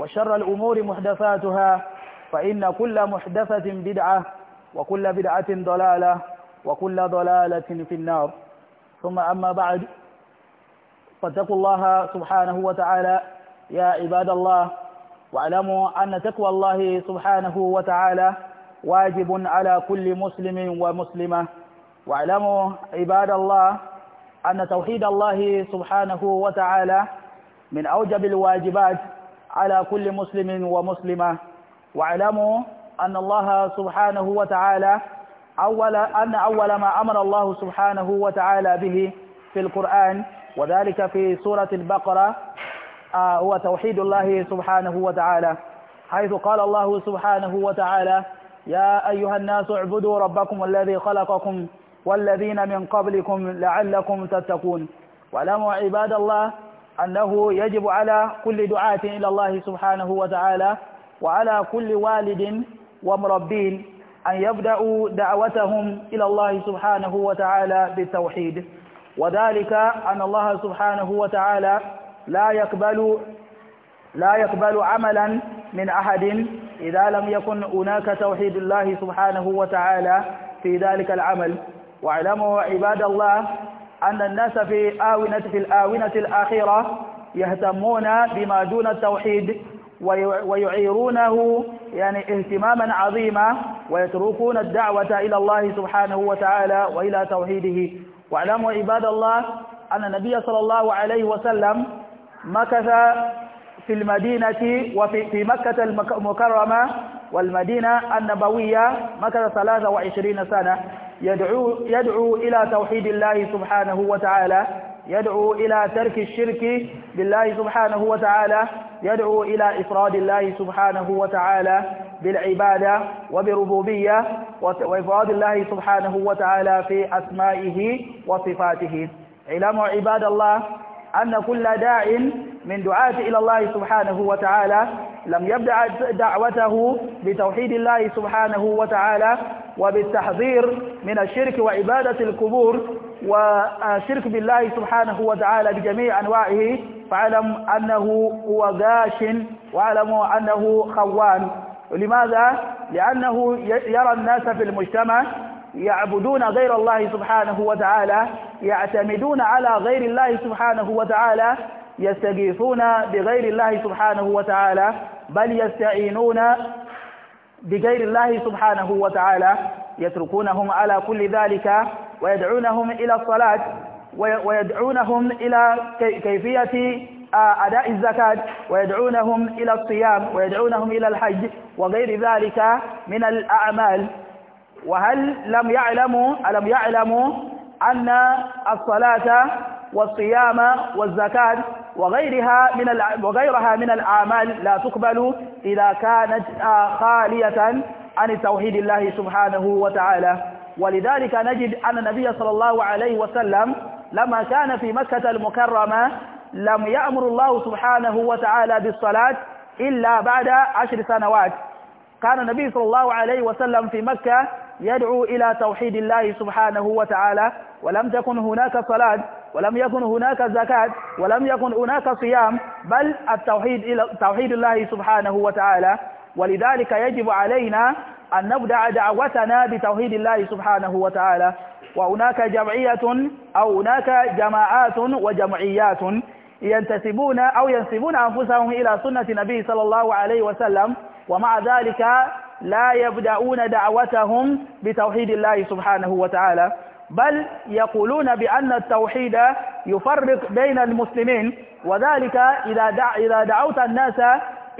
وشر الأمور محدثاتها فإن كل محدثة بدعة وكل بدعة ضلالة وكل ضلالة في النار ثم أما بعد فاتقوا الله سبحانه وتعالى يا عباد الله واعلموا أن تقوى الله سبحانه وتعالى واجب على كل مسلم ومسلمة واعلموا عباد الله أن توحيد الله سبحانه وتعالى من أوجب الواجبات على كل مسلم ومسلمة واعلموا أن الله سبحانه وتعالى أول أن أول ما أمر الله سبحانه وتعالى به في القرآن وذلك في سورة البقرة آه، هو توحيد الله سبحانه وتعالى حيث قال الله سبحانه وتعالى يا أيها الناس اعبدوا ربكم الذي خلقكم والذين من قبلكم لعلكم تتقون واعلموا عباد الله أنه يجب على كل دعاة إلى الله سبحانه وتعالى وعلى كل والد ومربين أن يبدأوا دعوتهم إلى الله سبحانه وتعالى بالتوحيد وذلك أن الله سبحانه وتعالى لا يقبل لا يقبل عملا من أحد إذا لم يكن هناك توحيد الله سبحانه وتعالى في ذلك العمل واعلموا عباد الله أن الناس في آونة في الآونة الأخيرة يهتمون بما دون التوحيد ويعيرونه يعني اهتماما عظيما ويتركون الدعوة إلى الله سبحانه وتعالى وإلى توحيده واعلموا عباد الله أن النبي صلى الله عليه وسلم مكث في المدينة وفي في مكة المكرمة والمدينة النبوية مكة 23 سنة يدعو, يدعو إلى توحيد الله سبحانه وتعالى يدعو إلى ترك الشرك بالله سبحانه وتعالى يدعو إلى إفراد الله سبحانه وتعالى بالعبادة وبربوبية وإفراد الله سبحانه وتعالى في أسمائه وصفاته علم عباد الله أن كل داع من دعاة إلى الله سبحانه وتعالى لم يبدأ دعوته بتوحيد الله سبحانه وتعالى وبالتحذير من الشرك وعبادة القبور والشرك بالله سبحانه وتعالى بجميع أنواعه فاعلم أنه هو غاش واعلم أنه خوان لماذا؟ لأنه يرى الناس في المجتمع يعبدون غير الله سبحانه وتعالى يعتمدون على غير الله سبحانه وتعالى يستغيثون بغير الله سبحانه وتعالى بل يستعينون بغير الله سبحانه وتعالى يتركونهم على كل ذلك ويدعونهم إلى الصلاة ويدعونهم إلى كيفية أداء الزكاة ويدعونهم إلى الصيام ويدعونهم إلى الحج وغير ذلك من الأعمال وهل لم يعلموا ألم يعلموا أن الصلاة والصيام والزكاة وغيرها من وغيرها من الأعمال لا تقبل إذا كانت آه، خالية عن توحيد الله سبحانه وتعالى ولذلك نجد أن النبي صلى الله عليه وسلم لما كان في مكة المكرمة لم يأمر الله سبحانه وتعالى بالصلاة إلا بعد عشر سنوات كان النبي صلى الله عليه وسلم في مكة يدعو إلى توحيد الله سبحانه وتعالى ولم تكن هناك صلاة ولم يكن هناك زكاة ولم يكن هناك صيام بل التوحيد إلى توحيد الله سبحانه وتعالى ولذلك يجب علينا أن نبدع دعوتنا بتوحيد الله سبحانه وتعالى وهناك جمعية أو هناك جماعات وجمعيات ينتسبون أو ينسبون أنفسهم إلى سنة النبي صلى الله عليه وسلم ومع ذلك لا يبدأون دعوتهم بتوحيد الله سبحانه وتعالى بل يقولون بأن التوحيد يفرق بين المسلمين وذلك إذا دعوت الناس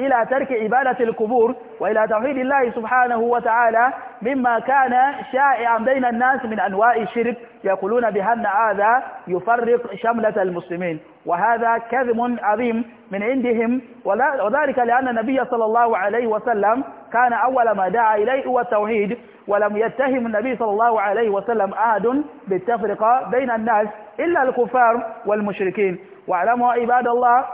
إلى ترك عبادة القبور وإلى توحيد الله سبحانه وتعالى مما كان شائعا بين الناس من أنواع الشرك يقولون بأن هذا يفرق شملة المسلمين وهذا كذب عظيم من عندهم وذلك لأن النبي صلى الله عليه وسلم كان أول ما دعا إليه هو التوحيد ولم يتهم النبي صلى الله عليه وسلم أحد بالتفرقة بين الناس إلا الكفار والمشركين واعلموا عباد الله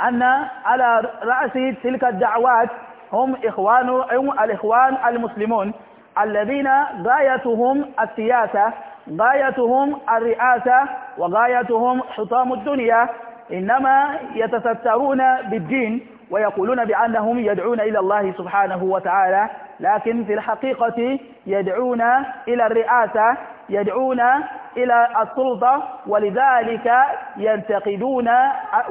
أن على رأس تلك الدعوات هم إخوان الإخوان المسلمون الذين غايتهم السياسة غايتهم الرئاسة وغايتهم حطام الدنيا إنما يتسترون بالدين ويقولون بأنهم يدعون إلى الله سبحانه وتعالى لكن في الحقيقة يدعون إلى الرئاسة يدعون إلى السلطة ولذلك ينتقدون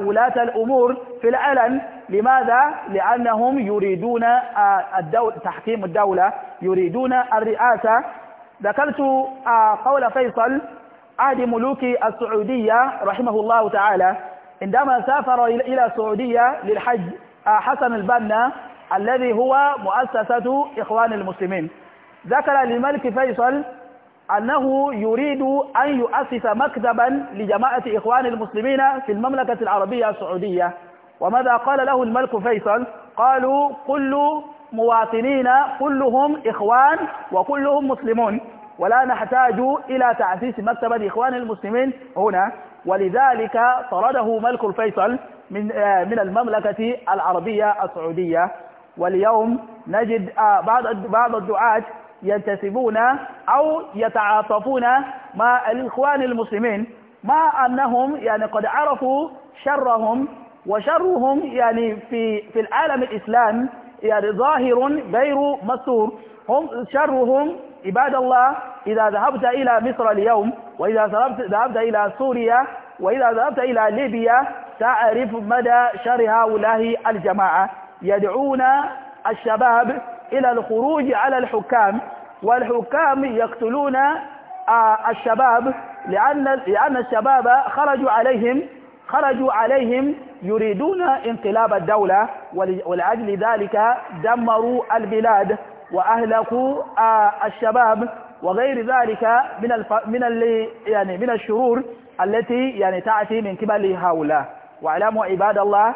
ولاة الأمور في العلن لماذا؟ لأنهم يريدون آه، الدول تحكيم الدولة يريدون الرئاسة ذكرت آه، قول فيصل عهد ملوك السعودية رحمه الله تعالى عندما سافر إلى السعودية للحج آه، حسن البنا الذي هو مؤسسة إخوان المسلمين ذكر للملك فيصل أنه يريد أن يؤسس مكتبا لجماعة إخوان المسلمين في المملكة العربية السعودية وماذا قال له الملك فيصل قالوا كل مواطنين كلهم إخوان وكلهم مسلمون ولا نحتاج إلى تأسيس مكتب إخوان المسلمين هنا ولذلك طرده ملك الفيصل من آه، من المملكة العربية السعودية واليوم نجد آه، بعض بعض الدعاة ينتسبون أو يتعاطفون مع الإخوان المسلمين مع أنهم يعني قد عرفوا شرهم وشرهم يعني في في العالم الإسلام يعني ظاهر غير مستور هم شرهم عباد الله إذا ذهبت إلى مصر اليوم وإذا ذهبت, ذهبت إلى سوريا وإذا ذهبت إلى ليبيا تعرف مدى شر هؤلاء الجماعة يدعون الشباب إلى الخروج على الحكام والحكام يقتلون آه، الشباب لأن لأن الشباب خرجوا عليهم خرجوا عليهم يريدون انقلاب الدولة ولأجل ذلك دمروا البلاد وأهلكوا آه، الشباب وغير ذلك من الف... من ال... يعني من الشرور التي يعني تأتي من قبل هؤلاء واعلموا عباد الله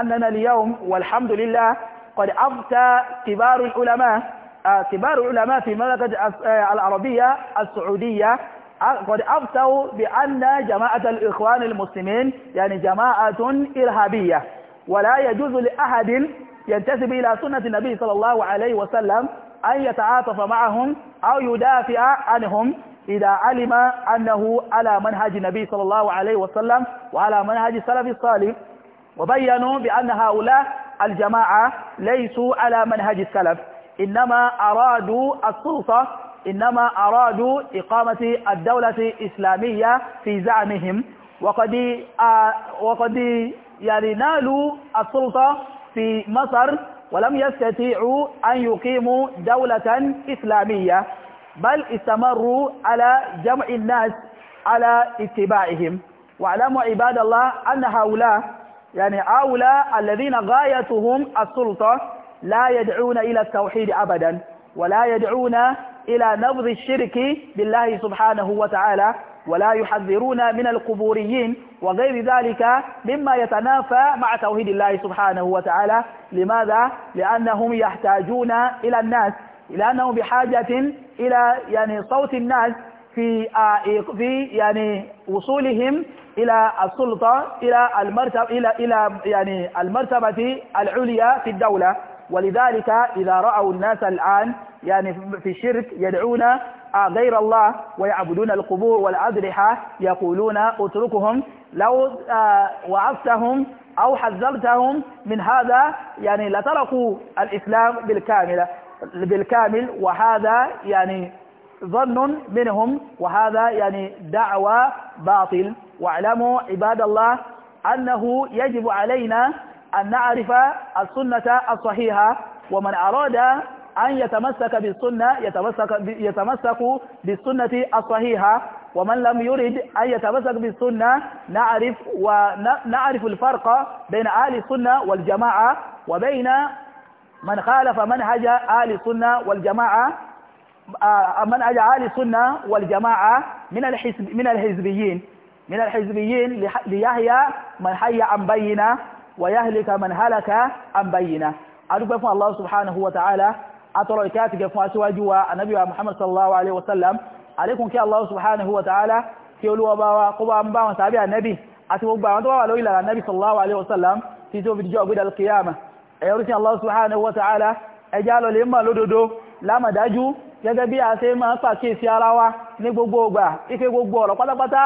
أننا اليوم والحمد لله قد أفتى كبار العلماء آه، كبار العلماء في المملكة آه، العربية السعودية آه، قد أفتوا بأن جماعة الإخوان المسلمين يعني جماعة إرهابية ولا يجوز لأحد ينتسب إلى سنة النبي صلى الله عليه وسلم أن يتعاطف معهم أو يدافع عنهم إذا علم أنه على منهج النبي صلى الله عليه وسلم وعلى منهج السلف الصالح وبينوا بأن هؤلاء الجماعة ليسوا على منهج السلف إنما أرادوا السلطة إنما أرادوا إقامة الدولة الإسلامية في زعمهم وقد وقد يعني نالوا السلطة في مصر ولم يستطيعوا أن يقيموا دولة إسلامية بل استمروا على جمع الناس على اتباعهم واعلموا عباد الله أن هؤلاء يعني هؤلاء الذين غايتهم السلطة لا يدعون إلى التوحيد أبدا ولا يدعون إلى نبض الشرك بالله سبحانه وتعالى ولا يحذرون من القبوريين وغير ذلك مما يتنافى مع توحيد الله سبحانه وتعالى لماذا؟ لأنهم يحتاجون إلى الناس لأنهم بحاجة إلى يعني صوت الناس في في يعني وصولهم إلى السلطة إلى المرتبة إلى إلى يعني المرتبة العليا في الدولة ولذلك إذا رأوا الناس الآن يعني في الشرك يدعون غير الله ويعبدون القبور والأضرحة يقولون اتركهم لو وعفتهم أو حذرتهم من هذا يعني لتركوا الإسلام بالكامل بالكامل وهذا يعني ظن منهم وهذا يعني دعوة باطل واعلموا عباد الله أنه يجب علينا أن نعرف السنة الصحيحة ومن أراد أن يتمسك بالسنة يتمسك, يتمسك بالسنة الصحيحة ومن لم يرد أن يتمسك بالسنة نعرف ونعرف الفرق بين أهل السنة والجماعة وبين من خالف منهج أهل السنة والجماعة آه، منهج عالي السنه والجماعة من الحزب من الحزبيين من الحزبيين ليحيى من حي عن بينا ويهلك من هلك عن بينا أرجو من الله سبحانه وتعالى أترك كاتك فاس وجوا النبي محمد صلى الله عليه وسلم عليكم كي الله سبحانه وتعالى في أولو أبوا قبا أمبا وتابع النبي أتبوا أبوا وانتوا وعلوا إلى النبي صلى الله عليه وسلم في جو في جو القيامة أيرسي الله سبحانه وتعالى أجعلوا لما لددو لما دجو gẹ́gẹ́ bí a ṣe máa pàkíyèsí ara wa ní gbogbo ọgbà ife gbogbo ọ̀rọ̀ pátápátá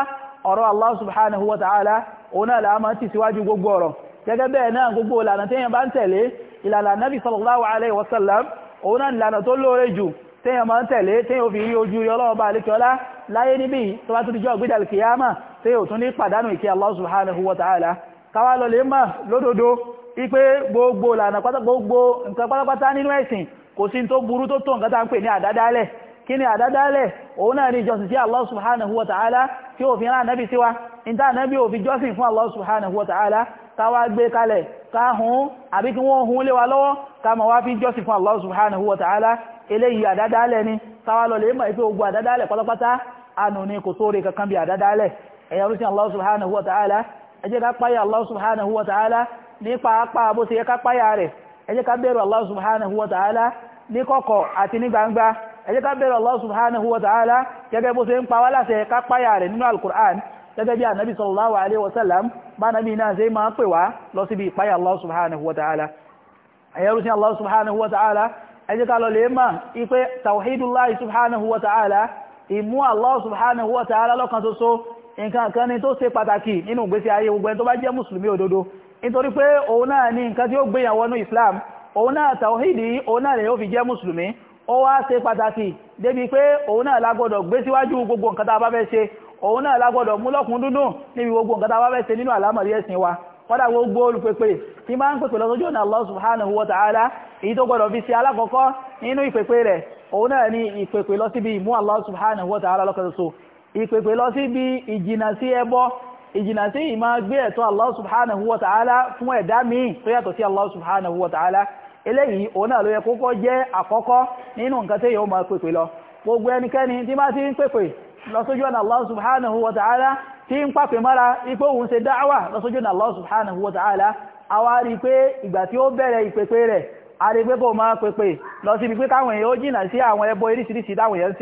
ọ̀rọ̀ Allah subhanahu wa ta'ala òun náà láàmà ti síwájú gbogbo ọ̀rọ̀ gẹ́gẹ́ bẹ́ẹ̀ náà gbogbo ìlànà téèyàn bá ń tẹ̀lé ìlànà nabi sallallahu alaihi wasallam òun náà ìlànà tó lóore jù téèyàn máa ń tẹ̀lé téèyàn fi rí ojú rí ọlọ́ọ̀bá alékiọlá láyé níbi tó bá tún dijọ́ ìgbédà kìyàmà téèyàn tún ní pàdánù kò sí tó burú tó tó nǹkan tá ń pè ní àdádálẹ̀ kí ni àdádálẹ̀ òun náà ni ìjọsìn sí Allah subhanahu wa ta'ala tí ó fi rán ànábì sí wa ìta ànábì ò fi jọ́sìn fún Allah subhanahu wa ta'ala káwà gbé kalẹ̀ káhùn àbí kí wọ́n hun lé wa lọ́wọ́ káàmà wá fi jọ́sìn fún Allah subhanahu wa ta'ala eléyìí àdádálẹ̀ ni káwà lọ lè mọ̀ ìpé ogun àdádálẹ̀ pátápátá ànù ká páyà ká páyà Allah subhanahu wa ta'ala ní kọ̀kọ̀ àti ní gbangba ẹ jẹ́ ká bẹ̀rù Allah subhanahu wa ta'ala gẹ́gẹ́ bó ṣe ń pa wá láṣẹ ká páyà rẹ̀ nínú al-Qur'an gẹ́gẹ́ bí ànábì sallallahu alaihi wasallam bá nábi náà ṣe máa pè wá lọ síbi ìpáyà Allah subhanahu wa ta'ala ẹ̀yẹ́rú sí Allah subhanahu wa ta'ala ẹ jẹ́ ká lọ lè máa ipé tawhidullahi subhanahu wa ta'ala ìmú Allah subhanahu wa ta'ala lọ́kan ṣoṣo nǹkan kan ni tó ṣe pàtàkì nínú òun náà tàwíìdì òun náà lèyàn fi jẹ́ musulmi ó wá se pàtàkì débi pé òun náà lágbọ́dọ̀ gbé síwájú gbogbo nǹkan tá a fẹ́ ṣe òun náà lágbọ́dọ̀ mú lọ́kùn níbi gbogbo nǹkan tá fẹ́ ṣe nínú àlámọ̀rí ẹ̀sìn wa kọ́dà gbogbo olùpẹ̀pẹ̀ tí máa ń pẹ̀pẹ̀ lọ́sọ́jọ́ wa ta'ala èyí ta'ala ìjìnà sí eléyìí òun náà ló yẹ kókó jẹ́ àkọ́kọ́ nínú nǹkan tí yóò máa pèpè lọ gbogbo ẹnikẹ́ni tí bá ti ń pèpè lọ na ọ̀nà Allah subhanahu wa ala tí ń pàpè mọ́ra ipò òun ṣe dáwà lọ sójú ọ̀nà Allah subhanahu awa ta'ala a wá rí pé ìgbà tí ó bẹ̀rẹ̀ ìpèpè rẹ̀ a rí pé kó máa pèpè lọ síbi pé táwọn èèyàn ó jìnà sí àwọn ẹbọ irísirísi táwọn èèyàn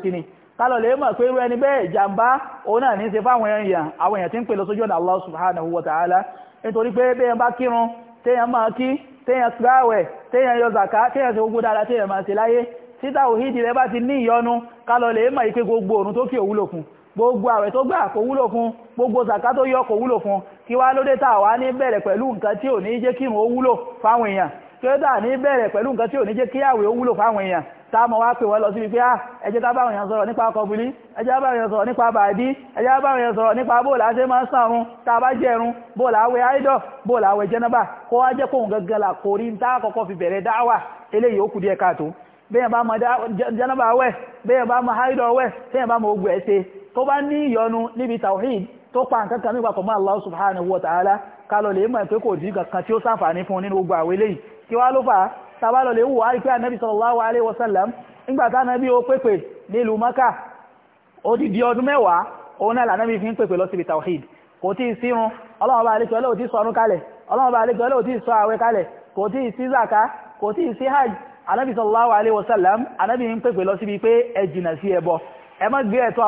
ń ṣe kálọ̀ lè mọ̀ pé irú ẹni bẹ́ẹ̀ jàǹbá òun náà ní ṣe fáwọn èèyàn àwọn èèyàn tí ń pè lọ sójú ọ̀nà Allah subhanahu wa ta'ala nítorí pé bẹ́ẹ̀ bá kírun téèyàn máa kí téèyàn gbáwẹ̀ téèyàn yọ zàká téèyàn ṣe gbogbo dáadáa téèyàn máa ṣe láyé tí tàwíìdì rẹ bá ti ní ìyọnu kálọ̀ mọ̀ pé gbogbo òun tó kí òwúlò fún gbogbo àwẹ̀ tó gbà kò wúlò fún gbogbo zàká tó yọ kò wúlò fún kí wá lóde tá wá ní bẹ̀rẹ̀ pẹ̀lú nǹkan tí ò ní jẹ́ kírun ó wúlò fáwọn èèyàn kí ó dà ní bẹ̀rẹ̀ pẹ̀lú nǹkan tí ò ní jẹ́ kíyàwó ó wúlò fáwọn èèyàn táàmù wá pè wọ́n lọ sí pé ah, ẹjẹ́ tábàrùn yàn sọ̀rọ̀ nípa kọbulí ẹjẹ́ tábàrùn yàn sọ̀rọ̀ nípa bàdí ẹjẹ́ tábàrùn yàn sọ̀rọ̀ nípa bóòlà ṣe máa ń sàrún tàbá jẹrun bóòlà awẹ àìdọ̀ bóòlà awẹ jẹnàbà kó wá jẹ́ kóhun gangan là kórí ń tá àkọ́kọ́ fi bẹ̀rẹ̀ dáwà eléyìí ó kù díẹ̀ káàtó bẹ́ẹ̀ bá mọ jẹnàbà wẹ̀ bẹ́ẹ̀ bá mọ subhanahu wa ta'ala kálọ̀ lè mọ̀ pé kò dín kankan tí ó kí wá ló fà tàbálọ̀ lè wò árí pé ànábì sallallahu alaihi wasallam nígbàtá ànábì ó pèpè nílùú maka ó ti di ọdún mẹ́wàá òun náà lànábì fi ń pèpè lọ síbi tawhid kò tí ì sírun ọlọ́run bá àlejò ọlọ́run tí ì sọ ọdún kalẹ̀ ọlọ́run bá àlejò ọlọ́run tí ì sọ àwẹ̀ kalẹ̀ kò tí ì sí zaka kò tí ì sí hajj ànábì sallallahu alaihi wasallam ànábì ń pèpè lọ síbi pé ẹ jìnà sí ẹbọ ẹ má gbé ẹ̀tọ́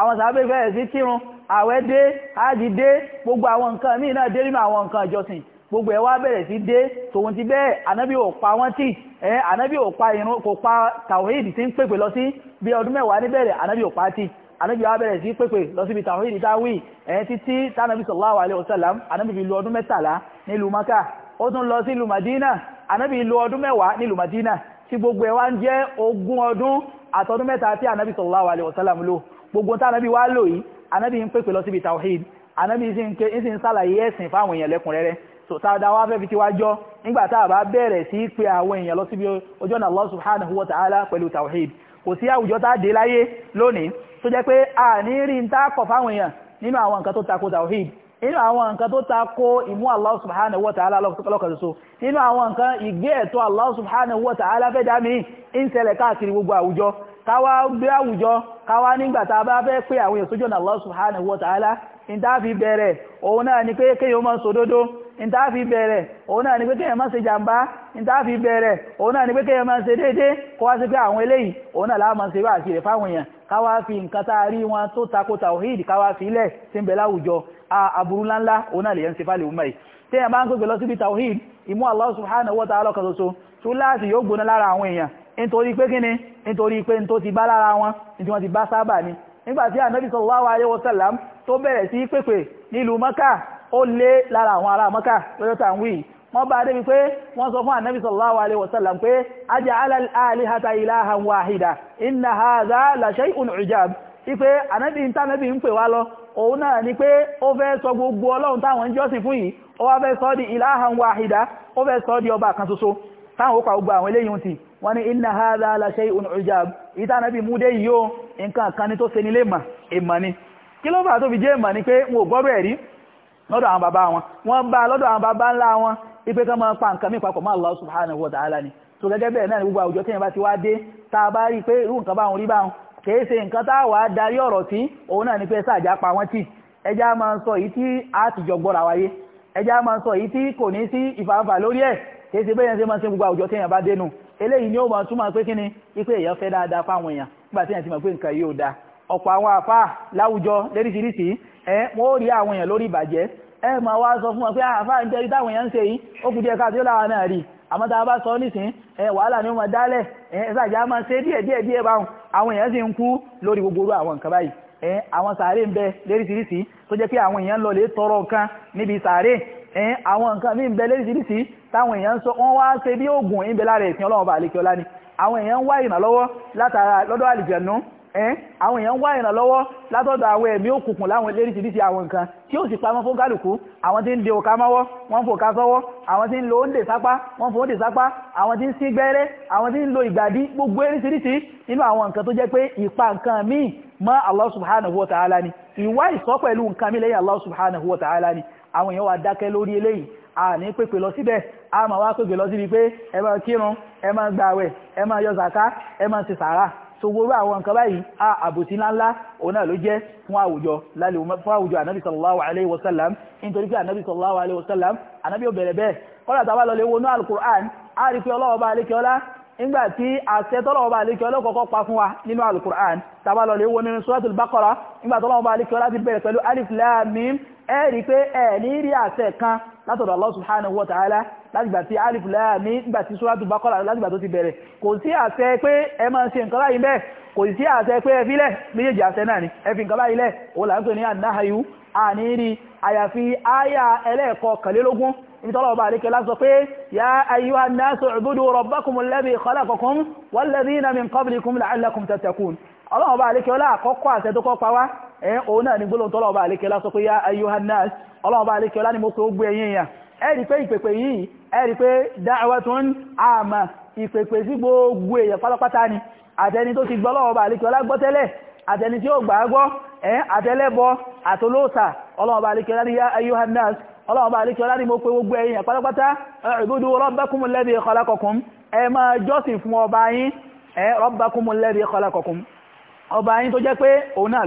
àwọn sàábẹ̀ bẹ̀rẹ̀ sí kírun àwẹ̀ dé ájì dé gbogbo àwọn nǹkan míì náà dé nínú àwọn nǹkan ìjọsìn gbogbo ẹ̀ wá bẹ̀rẹ̀ sí dé tòun ti bẹ́ẹ̀ ànábì ò pa wọ́n tì ẹ̀ ànábì ò pa irun kò pa tàwíìdì tí ń pèpè lọ sí bí ọdún mẹ́wàá níbẹ̀rẹ̀ ànábì ò pa tì ànábì wá bẹ̀rẹ̀ sí pèpè lọ síbi tàwíìdì táwì ẹ̀ títí tánàbì sallallahu alaihi wasallam ànábì fi lu ọdún mẹ́tàlá nílùú maka ó tún lọ sí ìlú madina ànábì lu ọdún mẹ́wàá nílùú madina tí gbogbo ẹ̀ wá ń jẹ́ ogún ọdún àtọdún mẹ́ta tí ànábì sallallahu alaihi wasallam lò gbogbo tá anábì wá lò yìí anábì ń pèpè lọ síbi tawhid anábì sì ń sàlàyé ẹ̀sìn fáwọn èèyàn lẹ́kùnrẹ́rẹ́ so tá a da wá fẹ́ fi tiwá jọ nígbà tá a bá bẹ̀rẹ̀ sí í àwọn èèyàn lọ síbi ọjọ́ náà Allah subhanahu wa ta'ala pẹ̀lú tawhid kò sí àwùjọ tá a dé láyé lónìí tó jẹ́ pé a ní rí ń tá fáwọn èèyàn nínú àwọn nǹkan tó tako tawhid nínú àwọn nǹkan tó ta kó ìmú Allah subhanahu wa ta'ala lọ́kọ̀ọ́sọ́ nínú àwọn nǹkan ìgbé ẹ̀tọ́ Allah subhanahu wa ta'ala fẹ́ dá mi ń ṣẹlẹ̀ káàkiri gbogbo àwùjọ káwá gbé àwùjọ káwá nígbà tá a bá fẹ́ pé àwọn èsójọ́nà Allah subhanahu wa ta'ala ń dáfi ìtàfi bẹ̀rẹ̀ òun náà ni pé kéèyàn má ṣe jàmbá ìtàfi bẹ̀rẹ̀ òun náà ni pé kéèyàn má ṣe déédé kó wá sí pé àwọn eléyìí òun náà láàmà ṣe wà sí rẹ̀ fáwọn èèyàn káwá fi nǹkan tá a rí wọn tó takò tàwíìd káwá fi ilẹ̀ tí ń bẹ láwùjọ aburú ńláńlá òun náà lè yẹn ṣe fálẹ̀ òun mẹ́yì téèyàn bá ń gbé lọ síbi wa ta'ala kan ṣoṣo tó láti yóò gbóná alaihi wasallam tó bẹ̀rẹ̀ sí pèpè nílùú Mákà ó lé lára àwọn ará mọ́ká lọ́jọ́ tàn wí wọ́n bá débi pé wọ́n sọ fún ànábì sallallahu alaihi wasallam pé aja'ala al-alihata ilahan wahida inna hadha la shay'un ujab ipe ànábì ń tánàbì ń pè wá lọ òun náà ni pé ó fẹ́ sọ gbogbo ọlọ́run táwọn jọ́sìn fún yìí ó wá fẹ́ sọ di ilahan wahida ó fẹ́ sọ di ọba kan ṣoṣo táwọn ó pa gbogbo mú dé yìí nǹkan kan ni tó ṣe nílé mà ni kí ló fà tó fi jẹ́ èmà ni pé wọn ò ẹ̀rí lọ́dọ̀ àwọn bàbá wọn wọ́n bá lọ́dọ̀ àwọn bàbá ńlá wọn ipé kan máa pa nǹkan mí papọ̀ mọ́ Allah subhanahu wa ta'ala ni tó gẹ́gẹ́ bẹ́ẹ̀ náà ni gbogbo àwùjọ tẹ́yìn bá ti wá dé tá a bá rí pé irú nǹkan báwọn rí báwọn kìí ṣe nǹkan tá a wà á darí ọ̀rọ̀ tí òun náà ni pé sáàjà pa wọ́n tì ẹja máa ń sọ èyí tí a ti jọ gbọ́ra wáyé ẹja máa ń sọ èyí tí kò ní sí ìfàǹfà lórí ẹ̀ kìí ṣe bẹ́ẹ̀ ṣe máa ń ṣe gbogbo àwùjọ tẹ́yìn bá dénú eléyìí ni ó máa túmọ̀ pé kíni ipe èèyàn fẹ́ dáadáa fáwọn èèyàn nígbà tí ti mọ̀ pé nǹkan yìí ò dáa ọ̀pọ̀ àwọn àfáà láwùjọ lóríṣiríṣi ẹ wọn ó rí àwọn èèyàn lórí ìbàjẹ́ ẹ wá sọ fún wọn pé ah, àfáà ń tẹ́rí táwọn èèyàn ń ṣe yìí ó kù díẹ̀ láwọn náà rí sọ nísìn ẹ ni ó dálẹ̀ ẹ ṣàjà máa ṣe díẹ̀ díẹ̀ díẹ̀ báwọn àwọn èèyàn sì ń kú lórí gbogbo àwọn nǹkan báyìí ẹ àwọn sàárè ń bẹ tó jẹ́ pé àwọn èèyàn lọ lè tọrọ níbi sàárè ẹ àwọn nǹkan mí ń bẹ táwọn èèyàn sọ wọ́n wá ṣe bí oògùn ni àwọn èèyàn ń wá ìrànlọ́wọ́ látara lọ́dọ̀ àlìjẹ̀nú ẹ́n àwọn èèyàn ń wá ìrànlọ́wọ́ látọ̀dọ̀ àwọn ẹ̀mí òkùnkùn láwọn léríṣiríṣi àwọn nǹkan tí ó sì pamọ́ fún kálukú àwọn tí ń de òka mọ́wọ́ wọ́n fò ká sọ́wọ́ àwọn tí ń lo oúnjẹ sápá wọ́n fò oúnjẹ sápá àwọn tí ń sí gbẹ́rẹ́ àwọn tí ń lo ìgbàdí gbogbo eríṣiríṣi nínú àwọn nǹkan tó jẹ́ pé ìpa nǹkan míì mọ́ Allah Allah a na pèpè lọ síbẹ̀ a máa wá pèpè lọ síbi pé kírun gbàwẹ̀ ẹ yọ zaka ẹ sàárà so gbogbo àwọn nǹkan báyìí a àbòsí ńláńlá òun náà ló jẹ́ fún àwùjọ lálẹ́ fún àwùjọ ànábì sallallahu alaihi wasallam nítorí pé ànábì sallallahu alaihi wasallam ànábì ò bẹ̀rẹ̀ bẹ́ẹ̀ kọ́lá tàbá lọ lè wọnú alukur'an a rí pé ọlọ́wọ́ bá alékiọlá nígbà tí àṣẹ tọ́lọ́wọ́ bá alékiọlá kọ́kọ́ pa fún wa nínú alukur'an tàbá lọ lè wọnú suratul baqara nígbà tọ́lọ́wọ́ bá alékiọlá ti bẹ̀rẹ̀ pẹ̀lú alif láti gbà tí alif láàmì nígbà tí sóràtù bákọ́lá láti gbà tó ti bẹ̀rẹ̀ kò sí àṣẹ pé ẹ máa ṣe nǹkan báyìí bẹ́ẹ̀ kò sí àṣẹ pé ẹ filẹ̀ méjèèjì àṣẹ náà ni ẹ fi nǹkan báyìí lẹ̀ òun là ń pè ní ànáhayú àníírí àyàfi áyà ẹlẹ́ẹ̀kọ́ kàlélógún ìtọ́lọ̀ ọba àríkẹ́ lásọ pé ya ayyuha an-nasu ubudu rabbakum alladhi khalaqakum walladhina min qablikum la'allakum tattaqun ọlọ́run ọba àríkẹ́ ọlá àkọ́kọ́ àṣẹ tó kọ́ pa wá ẹ̀rí pé ìpèpè yìí ẹ̀rí pé da'watun àmà ìpèpè sí gbogbo èèyàn pátápátá ni àtẹni tó ti gbọ́lọ́wọ́ bá àlíkẹ́ ọlágbọ́tẹ́lẹ̀ àtẹni tí ó gbàgbọ́ ẹ̀ àtẹlẹ́bọ àtolóòsà ọlọ́wọ́ bá àlíkẹ́ ọlá ní ayyuhan nas ọlọ́wọ́ bá àlíkẹ́ ọlá ní mo pé gbogbo èèyàn pátápátá u'budu rabbakumul ladhi khalaqakum ẹ máa jọ́sìn fún ọba yín ẹ rabbakumul ladhi khalaqakum ọba yín tó jẹ́ pé òun náà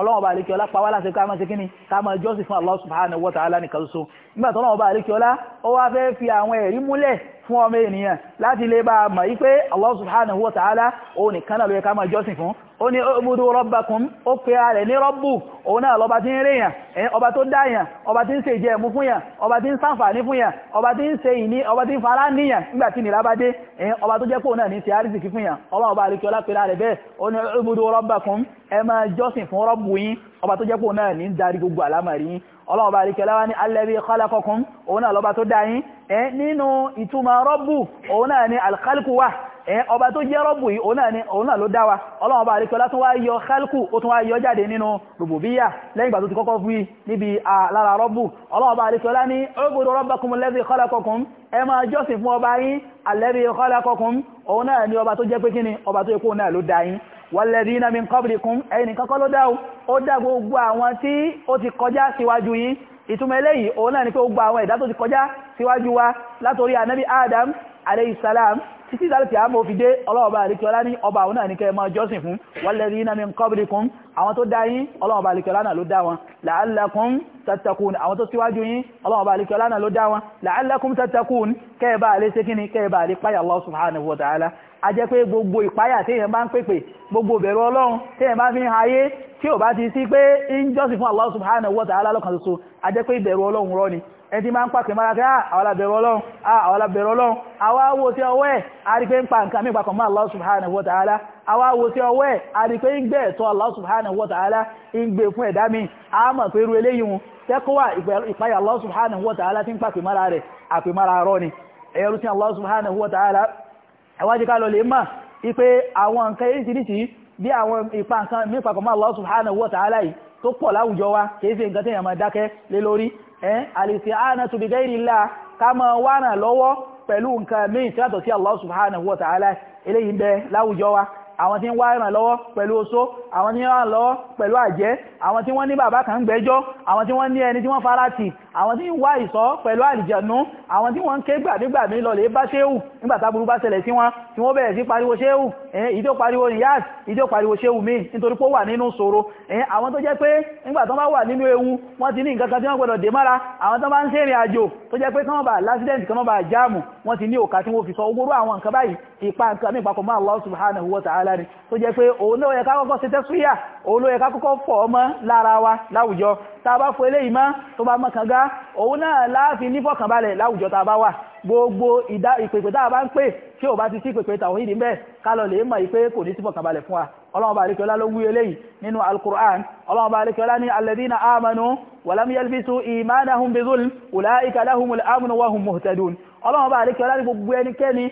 ọlọ́wọ́n bá àlékí ọlá pa wá láti ká máa ṣe kíni ká máa jọ́sìn fún Allah subhanahu wa ta'ala nìkan ṣoṣo nígbà tó ọlọ́wọ́n bá àlékí ọlá ó wá fẹ́ fi àwọn ẹ̀rí múlẹ̀ fún ọmọ ènìyàn láti lè bá a mọ̀ yí pé Allah subhanahu wa ta'ala òun nìkan náà ló yẹ ká máa jọ́sìn fún ó ní ọmọdé rọ́bàkún ó pé ààrẹ ní rọ́bù òun náà lọba tí ń ríyàn ọba tó dáyàn ọba tí ń ṣe ìjẹ ẹ̀mú fúnyàn ẹ máa jọ́sìn fún rọ́bù yín ọba tó jẹ́pọ̀ náà ní darí gbogbo àlámàrí yín ọlọ́ọ̀bá àríkẹláwá ní alladhi khalaqakum òun náà lọ́ba tó dá yín ẹ nínú ìtumọ̀ rọ́bù òun náà ní al-khalqu wà ẹ ọba tó jẹ́ rọ́bù yìí òun náà ló dá wa ọlọ́ọ̀bá àríkẹlá tó wá yọ khalqu ó tún wá yọ jáde nínú fún ọba yín alladhi khalaqakum òun náà ní ọba tó jẹ́ pé kíni ọba tó yẹ náà ló dá yín walladhina min qablikum ẹni kankan ló dáwó ó dá gbogbo àwọn tí ó ti kọjá síwájú yìí ìtumọ̀ eléyìí òun náà ni pé gbogbo àwọn ẹ̀dá tó ti kọjá síwájú wa látorí anabi adam alayhi salam títí ìdálùkì àmọ́ òfin dé ọlọ́ọ̀bá àríkíọlá ní ọba àwọn náà ní kẹ́ máa jọ́sìn fún walladhina min qablikum àwọn tó dá yín ọlọ́ọ̀bá àríkíọlá náà ló dá wọn la'allakum tattakun àwọn tó a jẹ́ pé gbogbo ìpáyà téèyàn bá ń pèpè gbogbo bẹ̀rù ọlọ́run téèyàn bá fi ń hayé tí ò bá ti sí pé ń jọ́sìn fún Allah subhanahu wa ta'ala lọ́kan ṣoṣo a jẹ́ pé ìbẹ̀rù ọlọ́run rọ́ ni ẹni tí máa ń pàkì mára pé ah, àwọn alábẹ̀rù ọlọ́run ah, àwọn Allah subhanahu wa ta'ala àwọn awo tí ọwọ́ Allah subhanahu wa ta'ala ń gbé fún ẹ̀dá mi a mọ̀ Allah subhanahu wa ta'ala ti ń pàkì rọ́ ni ẹ̀rù tí Allah subhanahu wa ta'ala ẹwájú ká lọ lè mọ̀ ipé àwọn nǹkan eréṣiríṣi bí àwọn ipa nǹkan mípapọ̀ mọ́ Allah subhanahu wa ta'ala yìí tó pọ̀ láwùjọ wa kìí ṣe nǹkan tí èèyàn máa dákẹ́ lé lórí ẹ́n al-isti'anatu bi àwọn tí ń wá ìràn lọ́wọ́ pẹ̀lú oṣó àwọn tí ń ràn lọ́wọ́ pẹ̀lú àjẹ́ àwọn tí wọ́n ní bàbá kan gbẹ́jọ́ àwọn tí wọ́n ní ẹni tí wọ́n farati àwọn tí ń wá ìsọ́ pẹ̀lú àlìjẹ̀nú àwọn tí wọ́n ń ké gbàdégbàdé lọ lè bá ṣéhù nígbàtàbùrú bá ṣẹlẹ̀ sí wọn tí wọ́n bẹ̀rẹ̀ sí pariwo ṣéhù Eh, ìjọ pariwo Riyadh ìjọ pariwo ṣéwù mí nítorí pé ó wà nínú ṣòro eh, àwọn tó jẹ́ pé nígbà tó bá wà nínú ewu wọ́n ti ní nǹkan kan tí wọ́n gbọ́dọ̀ dé mára àwọn tó bá ń ṣèrìn àjò tó jẹ́ pé kánwọ́n bá lásìdẹ̀ntì kánwọ́n bá jáàmù wọ́n ti ní òkà tí wọ́n fi sọ ogoro àwọn nǹkan báyìí ipa nǹkan ní ìpapọ̀ mọ́ Allah subhanahu wa ta'ala ni tó jẹ́ pé òun náà yẹ ká kọ́kọ́ ṣe tẹ́sùyà òun ló yẹ ká kọ́kọ́ fọ̀ ọmọ lára wa láwùjọ tá a bá fọ eléyìí mọ́ tó bá mọ́ kànga òun náà láàfin nífọ̀kànbalẹ̀ láwùjọ tá a bá wà gbogbo ìpèpè tá a bá ń pè tí ò bá ti sí ìpèpè tàwọn ìdí mẹ́ ká lọ lè mọ̀ ìpè kò ní sífọ̀kànbalẹ̀ fún wa ọlọ́run bá alékẹ́ọ́lá ló wí eléyìí nínú al-Qur'an ọlọ́run bá alékẹ́ọ́lá ní alladhina amanu walam yalbisu imanahum bizulm ulaika lahumul amnu wa hum muhtadun ọlọ́run bá alékẹ́ọ́lá ní gbogbo ẹnikẹ́ni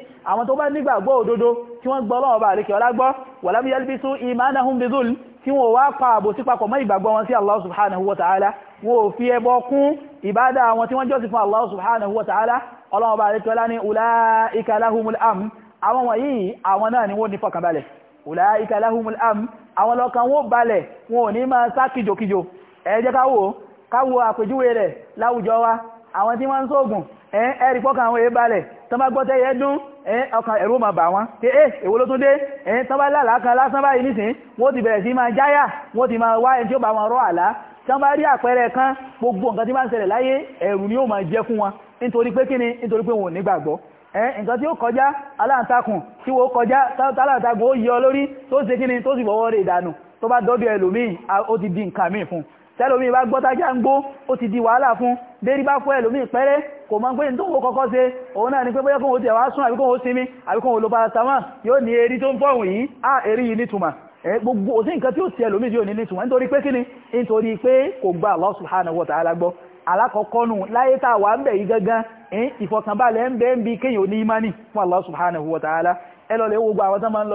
tí wọ́n wá pa àbò sí papọ̀ mọ́ ìgbàgbọ́ wọn sí Allah subhanahu wa ta'ala wọ́n ò fi ẹbọ kún ìbádà àwọn tí wọ́n jọ́sìn fún Allah subhanahu wa ta'ala ọlọ́wọ́ bá rí tọ́lá ní ulaika lahumul am àwọn wọ̀nyí àwọn náà ni wọ́n ní fọkànbalẹ̀ ulaika lahumul am àwọn lọ́kàn wọ́n balẹ̀ wọn ò ní máa sá ọkàn ẹ̀rù ma bà wọ́n pé ẹ́ eh, èwo ló tún dé ẹ̀ tọ́bá lálàákan lásán báyìí nísìn wọ́n ti bẹ̀rẹ̀ sí máa jáyà wọ́n ti máa wá ẹni tí ó bá wọn rọ́ àlá tán bá rí àpẹẹrẹ kan gbogbo nǹkan tí máa ń ṣẹlẹ̀ láyé ẹ̀rù ni ó máa jẹ́ fún wọn nítorí pé kíni nítorí pé wọn ò nígbàgbọ́ ẹ̀ nǹkan tí ó kọjá aláǹtakùn tí wọ́n kọjá aláǹtakùn ó yọ lórí tó ṣe kíni tó sì fọwọ́ rẹ̀ ìdànù tó bá dọ́dọ̀ ẹlòmíì ó ti di nǹkan míì fún un tẹ́lómi bá gbọ́tájá ń gbó ó ti di wàhálà fún dérí bá fún ẹlòmí pẹ́rẹ́ kò mọ́ pé tó wó kọ́kọ́ ṣe òun náà ni pé bóyá kóhun ó ti ẹ̀wà sún àbíkóhun ó sinmi àbíkóhun ó lo paracetamol yóò ní erí tó ń fọ́hùn yìí á erí yìí nítumà gbogbo òsí nǹkan tí ó ti ẹlòmí yóò ní nítumà nítorí pé kíni nítorí pé kò gba Allah subhanahu wa ta'ala gbọ́ alákọ̀ọ́kọ́ nù láyé tá wà ń bẹ̀ yìí gangan ìfọ̀kànbalẹ̀ ń bẹ́ ń bi kéèyàn ní imani fún Allah subhanahu wa ta'ala ẹ lọ́lẹ̀ gbogbo àwọn tán máa ń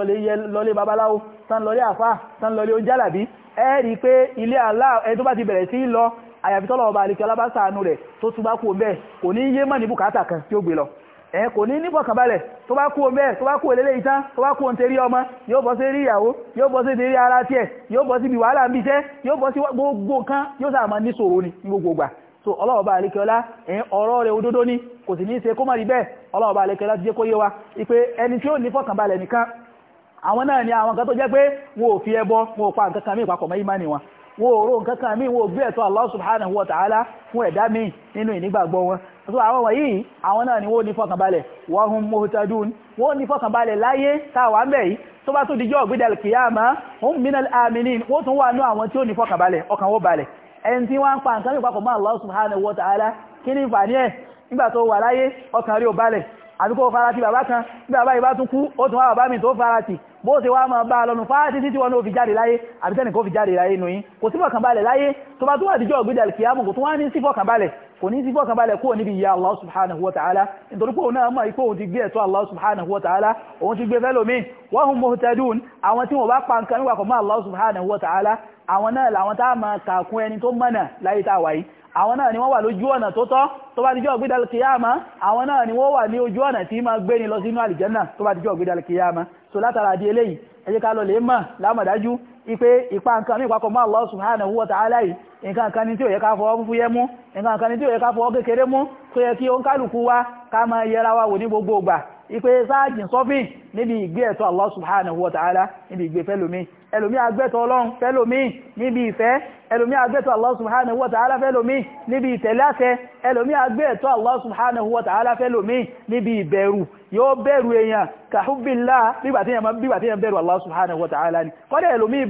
lọ́lẹ̀ babaláwo tán lọ́lẹ̀ àfá tán lọ́lẹ̀ ojálàbí ẹ rí i pé ilé Allah ẹni tó bá ti bẹ̀rẹ̀ sí lọ àyàfi tọ́lọ̀ ọba àlekẹ́ ọlábàṣàánú rẹ̀ tó tún bá kú òun bẹ́ẹ̀ kò ní yé mọ̀ ní bùkátà kan tí ó gbé lọ ẹ kò ní nífọ̀kànbalẹ̀ tó bá kú òun bẹ́ẹ̀ tó bá kú òlélẹ́ ìtàn tó bá kú òun tẹ̀rí ọmọ yóò bọ́ sí rí ìyàwó yóò bọ́ sí rí ara tiẹ̀ yóò bọ́ sí wàhálà ń bí yóò bọ́ sí gbogbo nǹkan yóò sáà máa ní ṣòro ni gbogbo gbà so ọlọ́ọ̀ba àlekẹ́ ọlá ọ̀rọ̀ rẹ̀ òdodo ni kò sì ní ṣe kó má rí bẹ́ẹ̀ ọlọ́ọ̀bá alẹ́kẹ́ láti jẹ́ kó yé ipé ẹni tí ó ní fọkànbalẹ̀ nìkan àwọn náà ni àwọn nǹkan tó jẹ́ pé wọn ò fi ẹbọ wọn ò pa nǹkan kan mí mọ́ ìmánì wọn wọn ò rò nǹkan kan mí ò gbé ẹ̀tọ́ Allah subhanahu wa ta'ala fún ẹ̀dá míì nínú ìnígbàgbọ́ wọn so àwọn wọ̀nyí ni wọ́n ní fọkànbalẹ̀ wa hum muhtadun wọ́n ní fọkànbalẹ̀ láyé táwà ń bẹ̀ yìí tó bá tún dijọ́ ọ̀gbídà kìyàmá hum minal aminin wọ́n tún wà ní àwọn tí ó ní pa nǹkan ìpapọ̀ mọ́ Allah subhanahu wa ta'ala kí ní ìfàní ẹ̀ nígbà tó wà láyé ọkàn rí ò balẹ̀ àbíkó farati bàbá kan bí bàbá ìbá tún kú ó tún wá bàbá mi tó farati bó ṣe wá máa bá lọ́nu fáátí títí wọn ní ó fi jáde láyé àbísẹ́nì kó fi jáde láyé nù yí kò sí fọ̀kànbalẹ̀ láyé tó bá tún wà díjọ́ ògbéjà kìyàmù kò tún wá ní sí fọ̀kànbalẹ̀ kò ní sí fọ̀kànbalẹ̀ kúrò níbi ìyà Allah subhanahu wa ta'ala nítorí pé òun náà mọ̀ ipò òun ti àwọn náà làwọn tá a máa kàkún ẹni tó mọ̀nà láyé tá àwọn náà ni wọ́n wà lójú ọ̀nà tó tọ́ tó bá dijọ́ ọ̀gbídàlì kìyàmá àwọn náà ni wọ́n wà ní ojú ọ̀nà tí máa gbé ni lọ sínú àlìjẹ́nà tó bá dijọ́ ọ̀gbídàlì kìyàmá so látara di eléyìí ẹ jẹ́ ká lọ lè mọ̀ lámọ̀dájú ipe ipa nǹkan ní ìpapọ̀ mọ́ Allah subhanahu wa ta'ala yìí nǹkan kan ní tí ò yẹ ká fọwọ́ fúfú yẹ mú nǹkan kan ní tí ò yẹ ká fọwọ́ kékeré mú tó yẹ kí ó ń kálukú wa ká máa yẹra wa wò ní gbogbo ìgbà ipe sáàjìn sọ́fìn níbi ìgbé ẹ̀tọ́ Allah subhanahu wa ta'ala níbi ìgbé fẹ́lómi ẹlòmí agbẹ́tọ̀ ọlọ́run fẹ́lòmí níbi ìfẹ́ ẹlòmí agbẹ́tọ̀ Allah subhanahu wa ta'ala fẹ́lòmí níbi ìtẹ̀láṣẹ ẹlòmí agbẹ́tọ̀ Allah subhanahu wa ta'ala fẹ́lòmí níbi ìbẹ̀rù yóò bẹ̀rù èèyàn kàhúbìlá bígbàtí èèyàn bẹ̀rù Allah subhanahu wa ta'ala ni kọ́dẹ̀ ẹlòmí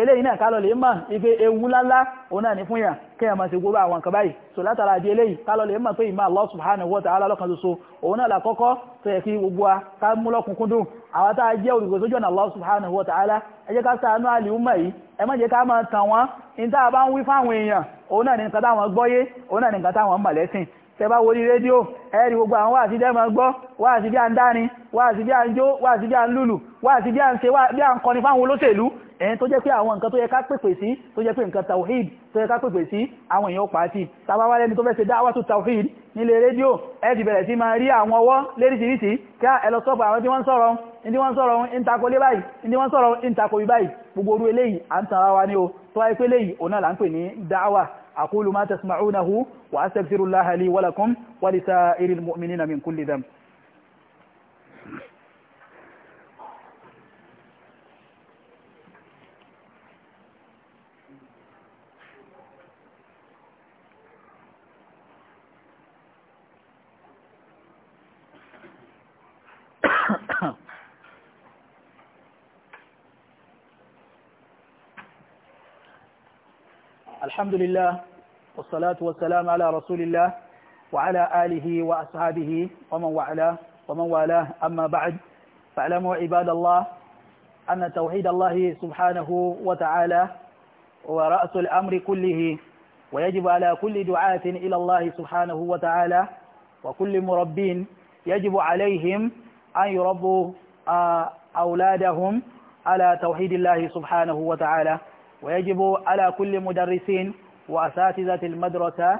eléyìí náà kálọ̀ lè mọ̀ ife ewu lálá òun náà ní fún yà kí ẹ máa ṣe gbogbo àwọn nǹkan báyìí so látara di eléyìí kálọ̀ mọ̀ pé ìmọ̀ Allah subhanahu wa ta'ala lọ́kan ṣoṣo òun náà làkọ́kọ́ tó yẹ kí gbogbo wa ká mú lọ́kùnkúndùn àwọn tá a jẹ́ olùgbò ọ̀nà Allah subhanahu wa ta'ala ẹ jẹ́ ká ṣàánú àlìúmọ̀ yìí ẹ má jẹ́ ká máa tàn wọ́n ní tá a bá ń wí fáwọn èèyàn òun náà ní nǹkan táwọn gbọ́yé òun náà ní nǹkan táwọn mọ̀ lẹ́sìn tẹ́bá wo ní rédíò ẹ rí gbogbo àwọn wáàsí jẹ́ máa gbọ́ wáàsí bí à ń dáni wáàsí bí à ń jó wáàsí bí à ń lùlù wáàsí bí à ń ṣe bí à ń kọni fáwọn olóṣèlú ẹ̀yìn tó jẹ́ pé àwọn nǹkan tó yẹ ká pèpè sí tó jẹ́ pé nǹkan tawhid tó yẹ ká pèpè sí àwọn èèyàn pàtì tàbáwá lẹ́ni tó fẹ́ ṣe dáwà tó tawhid nílé rédíò ẹ ti bẹ̀rẹ̀ sí máa rí àwọn ọwọ́ léríṣiríṣi ká ẹ lọ sọ́pọ̀ àwọn tí wọ́n ń sọ̀rọ̀ ní wọ́n sọ̀rọ̀ ń takò lé báyìí ní wọ́n sọ̀rọ̀ ń takò bí báyìí gbogbo orú eléyìí à ń tan ara wa ní o tó wáyé pé léyìí òun náà là ń pè ní dáwà aqulu ma tasma'unahu wa astaghfirullaha li wa lakum wa lisa'iril mu'minina min kulli dhanb الحمد لله والصلاة والسلام على رسول الله وعلى آله وأصحابه ومن وعلاه ومن والاه أما بعد فاعلموا عباد الله أن توحيد الله سبحانه وتعالى هو رأس الأمر كله ويجب على كل دعاة إلى الله سبحانه وتعالى وكل مربين يجب عليهم أن يربوا أولادهم على توحيد الله سبحانه وتعالى ويجب على كل مدرسين وأساتذة المدرسة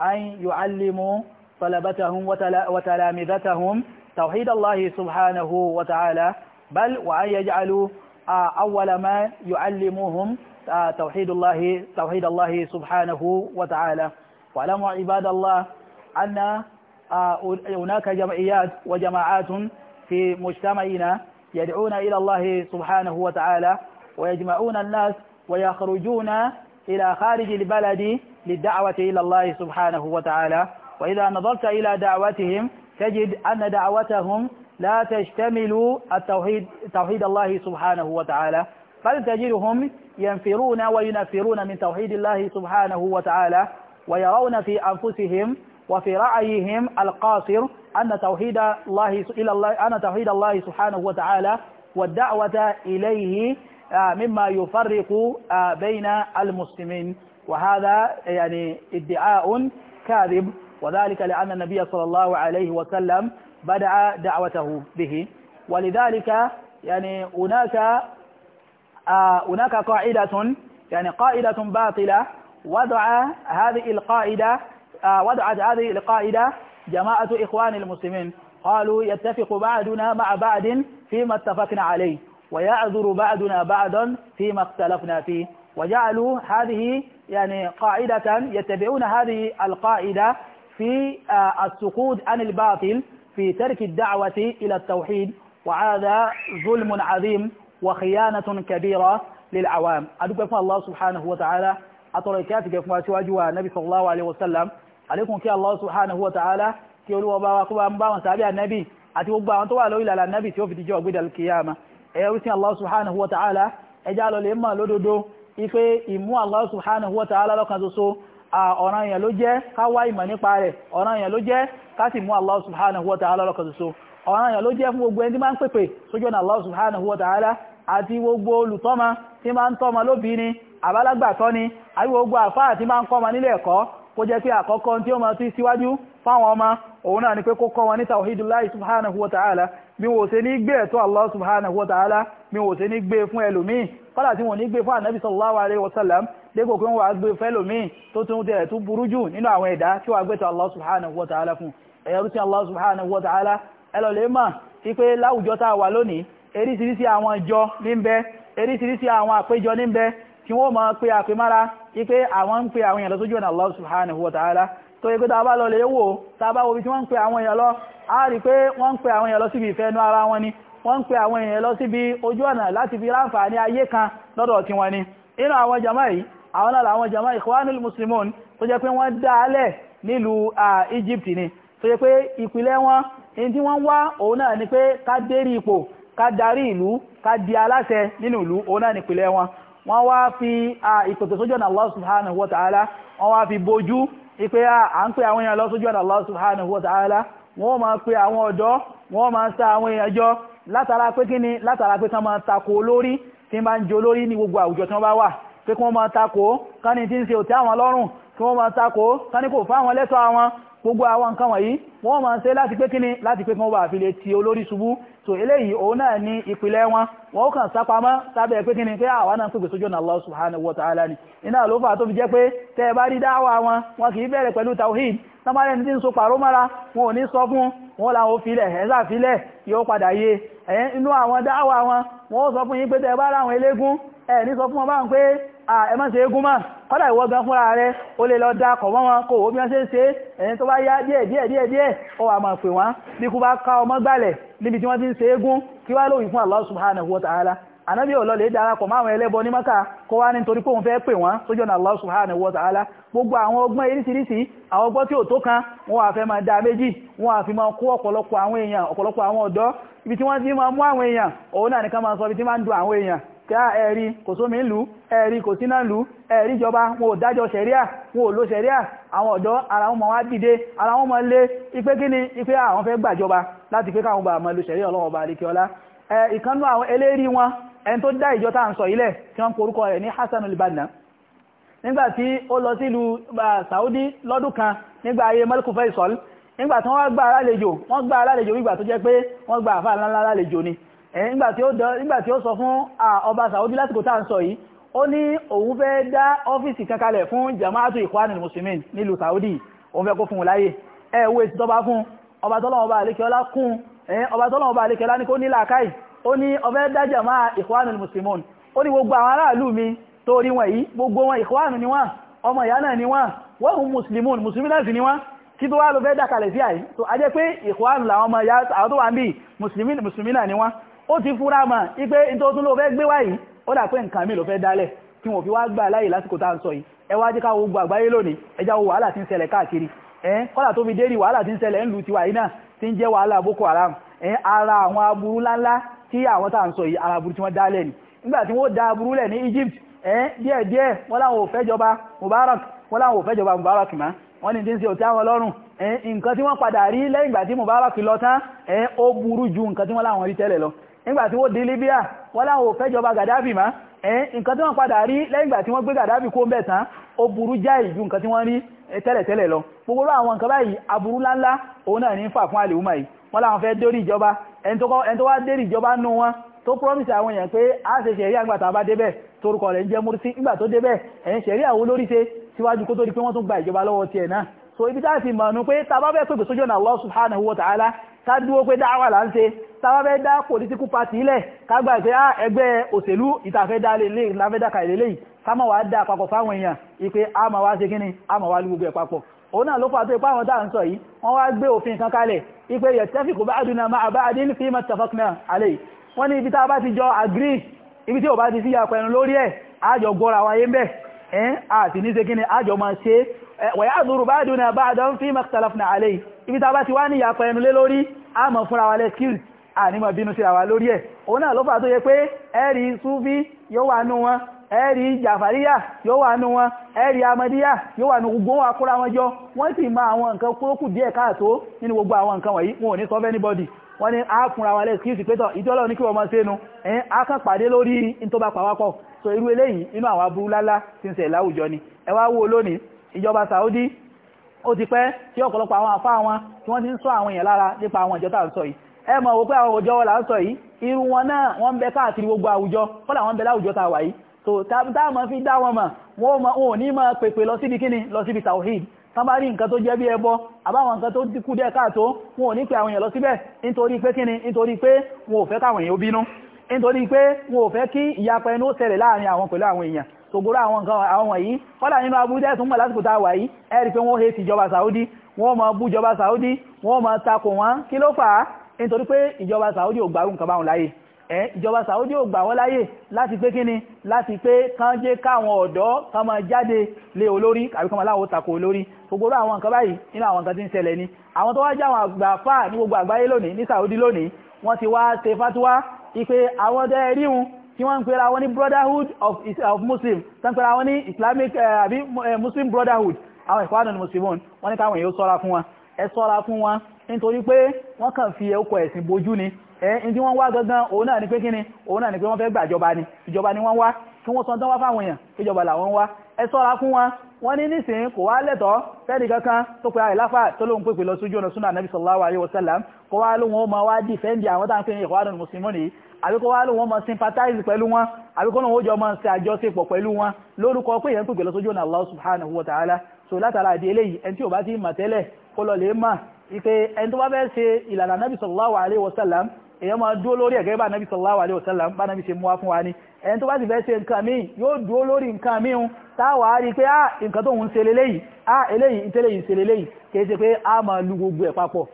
أن يعلموا طلبتهم وتلامذتهم توحيد الله سبحانه وتعالى بل وأن يجعلوا آه، أول ما يعلموهم آه، توحيد الله توحيد الله سبحانه وتعالى واعلموا عباد الله أن آه، هناك جمعيات وجماعات في مجتمعنا يدعون إلى الله سبحانه وتعالى ويجمعون الناس ويخرجون إلى خارج البلد للدعوة إلى الله سبحانه وتعالى وإذا نظرت إلى دعوتهم تجد أن دعوتهم لا تشتمل التوحيد توحيد الله سبحانه وتعالى بل تجدهم ينفرون وينفرون من توحيد الله سبحانه وتعالى ويرون في أنفسهم وفي رأيهم القاصر أن توحيد الله إلى الله أن توحيد الله سبحانه وتعالى والدعوة إليه آه، مما يفرق آه، بين المسلمين وهذا يعني ادعاء كاذب وذلك لأن النبي صلى الله عليه وسلم بدأ دعوته به ولذلك يعني هناك آه، هناك قاعدة يعني قاعدة باطلة وضع هذه القاعدة وضعت هذه القاعدة جماعة إخوان المسلمين قالوا يتفق بعدنا مع بعد فيما اتفقنا عليه ويعذر بعدنا بعدا فيما اختلفنا فيه وجعلوا هذه يعني قاعدة يتبعون هذه القاعدة في آه، السقوط عن الباطل في ترك الدعوة إلى التوحيد وهذا ظلم عظيم وخيانة كبيرة للعوام أدوك فún الله سبحانه وتعالى أترى كاتك فún أتواجه النبي صلى الله عليه وسلم عليكم كي الله سبحانه وتعالى كي أولو وباوكوا أنباوا سابع النبي أتوقع أنتوا تولوا إلى النبي سيوفي تجوا قد القيامة ẹ̀yẹ́rú sí Allah subhanahu wa ta'ala ẹjá lọ lè mọ̀ lódodo ife ìmú Allah subhanahu wa ta'ala lọ́kan ṣoṣo ọ̀ràn èèyàn ló jẹ́ ká wá ìmọ̀ nípa rẹ̀ ọ̀ràn èèyàn ló jẹ́ ká sì mú Allah subhanahu wa ta'ala lọ́kan ṣoṣo ọ̀ràn èèyàn ló jẹ́ fún gbogbo ẹni máa ń pèpè sójú ọ̀nà Allah subhanahu wa ta'ala àti gbogbo olùtọ́mọ tí máa ń tọ́mọ bí wọ́n ṣe ní gbé ẹ̀tọ́ Allah subhanahu wa ta'ala bí wọ́n ṣe ní gbé fún ẹlòmíì kọ́lá tí wọ́n ní gbé fún ànábì sallallahu alaihi wasallam dégò pé wọ́n wà gbé fún ẹlòmíì tó tún tẹ̀ tó burú jù nínú àwọn ẹ̀dá tí wọ́n gbé tó Allah subhanahu wa ta'ala fún ẹ̀yọ́rú tí Allah subhanahu wa ta'ala ẹlọ́lẹ́ mà sí pé láwùjọ tá a wà lónìí eríṣiríṣi àwọn ìjọ ní ń bẹ eríṣiríṣi àwọn àpéjọ ní ń tó yẹ a rí pé wọ́n ń pe àwọn èèyàn lọ síbi ìfẹ́ inú ara wọn ni wọ́n ń pe àwọn èèyàn lọ síbi ojú ọ̀nà láti fi ráǹfààní ayé kan lọ́dọ̀ tí wọ́n ni inú àwọn jama Muslimun tó jẹ́ pé wọ́n ni tó jẹ́ pé ìpìlẹ̀ wọn in tí wọ́n wá òun náà ni pé ká dérí ipò ká darí ìlú fi subhanahu wa ta'ala wọ́n wá fi bójú ipé à ń pè àwọn èèyàn lọ sójú ọ̀nà Allah subhanahu wa ta'ala wọ́n máa pe àwọn ọ̀dọ́ wọ́n máa sa àwọn èèyàn jọ látara pé kí ni látara pé kán máa tako olórí tí máa ń jo olórí ní gbogbo àwùjọ tí wọ́n bá wà pé kí wọ́n máa tako kán ní tí ń ṣe òtí àwọn lọ́rùn kí wọ́n máa tako kán ní kò fáwọn lẹ́tọ̀ọ́ àwọn gbogbo àwọn nǹkan wọ̀nyí wọ́n máa ń ṣe láti pé kíni láti pé kí wọ́n fi lè ti olórí ṣubú so eléyìí òun náà ní ìpìlẹ̀ wọn wọ́n kàn sápamọ́ sábẹ́ pé kíni pé àwọn náà pèpè sójú ọ̀nà Allah subhanahu wa ta'ala ni iná ló fà tó fi jẹ́ pé tẹ́ ẹ bá rí dáwà wọn wọn kì í bẹ̀rẹ̀ pẹ̀lú tawhid tọ́mọ́lẹ́ ní tí ń so pàró mọ́ra wọn ò ní sọ fún wọn ẹ̀ sọ fún ọba ń a ẹmọ́ ṣe égún máa kọ́dà ìwọ gan fúnra rẹ ó lè lọ dá kọ̀ wọn kò wó bí wọ́n ṣe ń ṣe ẹ̀yìn tó bá yá díẹ̀ díẹ̀ díẹ̀ díẹ̀ ó wà máa pè wọ́n bí kú bá ká ọmọ gbàlẹ̀ níbi tí wọ́n ti ń ṣe égún kí wá lóyìn fún Allah wa ta'ala ọlọ́lẹ̀ ibi tí wọ́n ti máa mú àwọn èèyàn òun náà nìkan kí á ẹ̀rí kò sómi ń lú ẹ̀rí kò sínà ń lú ẹ̀rí ìjọba wọn ò dájọ́ ṣẹ̀ríà wọn ò lò ṣẹ̀ríà àwọn ọ̀dọ́ ara wọn ma wá dìde ara wọn ma lé ipé kí ni ipé àwọn fẹ́ gbàjọba láti pé káwọn gbà ma lò ṣẹ̀ríà ọlọ́wọ́ bá rí Saudi lọ́dún kan nígbà ayé Malik Faisal nígbàtí wọ́n gbà alálejò wọ́n gbà alálejò nígbà tó jẹ́ pé wọ́n gbà àfáà nígbàtí ó sọ fún ọba Saudi lásìkò tá ń sọ yìí ó ní òun fẹ́ dá ọ́fíìsì kan kalẹ̀ fún jama'atu ikhwanul muslimin nílùú Saudi òun fẹ́ kó fún láyé ẹ̀wọ́ èsì tọba fún ọba tọ́lọ̀ọba àlékẹ́ọlá kún ọba tọ́lọ̀ọba àlékẹ́ọlá ní kó ní làákàì ó ní ó fẹ́ dá jama'a ikhwanul muslimin ó ní gbogbo àwọn aráàlú mi tó rí wọ̀nyí ni wọ́n ọmọ ìyá ni wọ́n wọ́n muslimin náà ni wọ́n kí tó wá ló fẹ́ dá kalẹ̀ sí àyí tó a pé ikhwanu làwọn ọmọ ìyá àwọn tó wà ń bí muslimin náà ni wọ́n ó ti fúra mà ipé ìtọ́tún ló fẹ́ gbé wáyìí ó dà pé nǹkan mi ló fẹ́ dálẹ̀ kí wọ́n fi wá gbà láyè lásìkò tá à ń sọ yìí ẹ wá jẹ́ ká ogun àgbáyé lónìí ẹjá wo wàhálà tí ń ṣẹlẹ̀ káàkiri ẹ̀ kọ́là tó fi dérí wàhálà Egypt ẹ̀ díẹ̀ díẹ̀ wọ́n láwọn ò fẹ́jọba Mubarak wọ́n láwọn ò fẹ́jọba Mubarak mọ́ wọ́n ní tí ń ṣe òtí àwọn lọ́rùn ẹ̀ nǹkan tí wọ́n padà rí lẹ́yìn ìgbà láwọn rí tẹ́lẹ̀ lọ nígbàtí wọ́n dé Libya wọ́n láwọn ò fẹ́ jọba Gaddafi má ẹ̀yìn nǹkan tí wọ́n padà rí lẹ́yìn ìgbà tí wọ́n gbé Gaddafi kó ń bẹ̀ tán ó burú jáì ju nǹkan tí wọ́n rí eh, tẹ́lẹ̀tẹ́lẹ̀ lọ gbogbo àwọn nǹkan báyìí aburú ńláńlá òun náà ní fà fún àlèhùmá yìí wọ́n láwọn fẹ́ dórí ìjọba ẹni tó wá dérí ìjọba nú wọn tó promise àwọn èèyàn pé a ṣe ṣẹ̀rí àgbà tá a bá débẹ̀ torúkọ rẹ̀ ń jẹ́ Mursi nígbà tó débẹ̀ ẹ̀yìn ṣẹ̀rí àwọn olórí ṣe síwájú kó tó di pé wọ́n tún gba ìjọba lọ́wọ́ tiẹ̀ náà so ibi tá a ti mọ̀ nu pé tá a bá fẹ́ pèpè sójú ọ̀nà Allah subhanahu wa ta'ala ká dúró pé dáwà là ń ṣe tàbá fẹ́ dá political party ilẹ̀ kágbà pé ah, ẹgbẹ́ òṣèlú ìtàfẹ́ dá lè lè láfẹ́ dáka ìlélẹ̀ yìí sámọ̀ wá dá papọ̀ fáwọn èèyàn ipé a ma wá ṣe kíní a ma wá lú gbogbo ẹ̀ papọ̀ òun náà ló fà tó ipá àwọn dáa ń sọ yìí wọ́n wá gbé òfin kan kalẹ̀ ipé yattafiqu ba'duna ma'a ba'din fima ittafaqna alayhi wọ́n ní ibi tá a bá ti jọ agree ibi tí mọ̀ fúnra wa lẹ́ ànímọ̀ bínú sí àwa lórí ẹ̀ òun náà ló fà tó yẹ pé ẹ̀rí súfí yóò wà nú wọn ẹ̀rí jàfàríyà yóò wà nú wọn ẹ̀rí amadíyà yóò wà nú gbogbo wọn akúra wọn jọ wọ́n sì máa àwọn nǹkan kúrókù díẹ̀ káàtó nínú gbogbo àwọn nǹkan wọ̀nyí wọn ò ní sọ fẹ́ anybody wọ́n ní a fúnra wa lẹ́ẹ̀kí sí pẹ́tọ̀ ìjọ́lọ́ ní kí wọ́n mọ́ sí ẹnu ẹ̀yìn a kàn pàdé lórí in tó bá pàwápọ̀ so irú eléyìí inú àwọn aburú lálá tí ń ṣe láwùjọ ni ẹ wá wo lónìí ìjọba Saudi ó ti pẹ́ tí ọ̀pọ̀lọpọ̀ àwọn àfáà wọn tí wọ́n ti ń sọ àwọn èèyàn lára nípa àwọn ìjọ tá à ń sọ yìí ẹ mọ̀ wò pé àwọn òjò wọ́n là ń sọ yìí irú wọn náà wọ́n ń bẹ káàkiri gbogbo àwùjọ kọ́lá wọ́n ń bẹ láwùjọ tàwà yìí so táàmà fi dá wọn mà wọ́n ò ní máa pèpè lọ síbi kíni lọ síbi tawhid tán bá rí nǹkan tó jẹ́ bí ẹbọ àbáwọn nǹkan tó kú dẹ́ káàtó wọn ò ní pé àwọn èèyàn lọ síbẹ̀ nítorí pé kíni nítorí pé wọn ò fẹ́ káwọn èèyàn bínú nítorí pé wọn ò fẹ́ kí ìyapa ẹnu ṣẹlẹ̀ láàrin àwọn pẹ̀lú Saudi wọ́n máa Saudi wọ́n máa takò wọn nítorí pé ìjọba Saudi ò gbàrú nǹkan báwọn láyé ẹ ìjọba Saudi ò gbà wọ́n láyé láti pé kíni láti pé kán jẹ́ káwọn ọ̀dọ́ kán máa jáde lé olórí àbí kán máa láwọn tako olórí gbogbo àwọn nǹkan báyìí nínú àwọn nǹkan tí ń ṣẹlẹ̀ ni àwọn tó wá jẹ́ àwọn àgbà fà ní gbogbo àgbáyé lónìí ní Saudi lónìí wọ́n ti wá ṣe fatuwa ipe àwọn ọdẹ ríhun tí wọ́n ń pera wọn ní brotherhood of, of muslim tó ń pera wọn ní islamic eh, àbí eh, muslim brotherhood àwọn ìkọ́ àdùn muslimun wọ́n ní káwọn èèyàn sọ́ra fún wọn ẹ ṣọ́ra fún wọn nítorí pé wọ́n kàn fi ẹ̀kọ́ ẹ̀sìn bojú ni ẹ̀ ní wọ́n wá gangan òun náà ni pé kíni òun náà ni pé wọ́n fẹ́ gbàjọba ni ìjọba ni wọ́n wá kí wọ́n sọ tán wá fáwọn èèyàn ìjọba làwọn wá ẹ ṣọ́ra fún wọn wọ́n ní nísìn kò wá lẹ́tọ̀ọ́ fẹ́ẹ̀dì kankan tó pe àrẹ láfà tó lóun pèpè lọ sójú ọ̀nà súnà nàbì sallallahu alaihi wasallam kó wá lóun ó máa wá dìfẹ́ǹdì àwọn táwọn fẹ́ẹ̀yìn Ikhwanul Muslimun nìyí àbí kó wá lóun ó máa sympathize pẹ̀lú wọn àbí kó lóun ó jọ máa ṣe àjọṣepọ̀ pẹ̀lú wọn lórúkọ pé èèyàn pèpè lọ sójú ọ̀nà Allah subhanahu wa ta'ala so látara àdé eléyìí ẹni tí ò bá ti mà tẹ́lẹ̀ kó lọ lè máa ipe ẹni tó bá fẹ́ ṣe ìlànà nabi sallallahu alaihi wasallam èyàn máa dúó lórí ẹ̀gẹ́ bá nabi sallallahu alaihi wasallam bá nabi ṣe mú wá fún wa ní ẹni tó bá sì fẹ́ ṣe nǹkan míì yóò dúó lórí nǹkan míì táwà rí pé á ah, nǹkan tó ń ṣe leléyìí á ah, eléyìí ìtẹ́lẹ̀yìí ṣe leléyìí kìí ṣe pé á máa lu gbogbo ẹ̀ papọ̀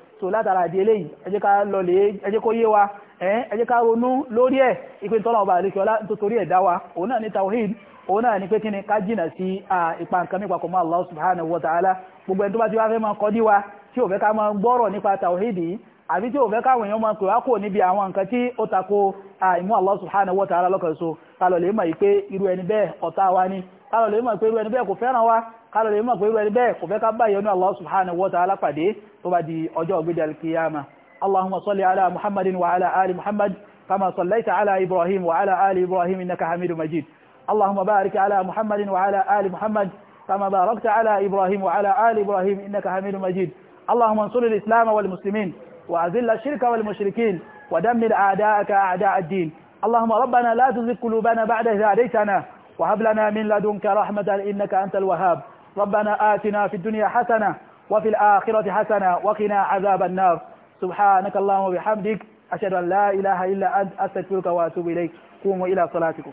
òun náà ni pé kíni ká jìnà sí ipa nǹkan nípa kọmọ Allah subhanahu wa ta'ala gbogbo ẹni tó bá ti wá fẹ́ máa kọ́ díwa tí ò fẹ́ ká máa gbọ́rọ̀ nípa tàwíìdì àbí tí ò fẹ́ káwọn èèyàn máa pè wá kò níbi àwọn nǹkan tí ó tako ìmú Allah subhanahu wa ta'ala lọ́kàn so kálọ̀ lè mọ̀ pé irú ẹni bẹ́ẹ̀ ọ̀tá wa ni kálọ̀ lè mọ̀ pé irú ẹni bẹ́ẹ̀ kò fẹ́ràn wa kálọ̀ lè mọ̀ pé irú ẹni bẹ́ẹ̀ kò fẹ́ ká bá ìyọ́nú Allah subhanahu wa ta'ala pàdé tó bá di ọjọ́ ògbédè alkiyama Allahumma salli ala Muhammadin wa ala ali Muhammad kama sallaita ala Ibrahim wa ala ali Ibrahim innaka اللهم بارك على محمد وعلى آل محمد كما باركت على إبراهيم وعلى آل إبراهيم إنك حميد مجيد اللهم انصر الإسلام والمسلمين وأذل الشرك والمشركين ودمر أعداءك أعداء الدين اللهم ربنا لا تزغ قلوبنا بعد إذ هديتنا وهب لنا من لدنك رحمة إنك أنت الوهاب ربنا آتنا في الدنيا حسنة وفي الآخرة حسنة وقنا عذاب النار سبحانك اللهم وبحمدك أشهد أن لا إله إلا أنت أستغفرك وأتوب إليك قوموا إلى صلاتكم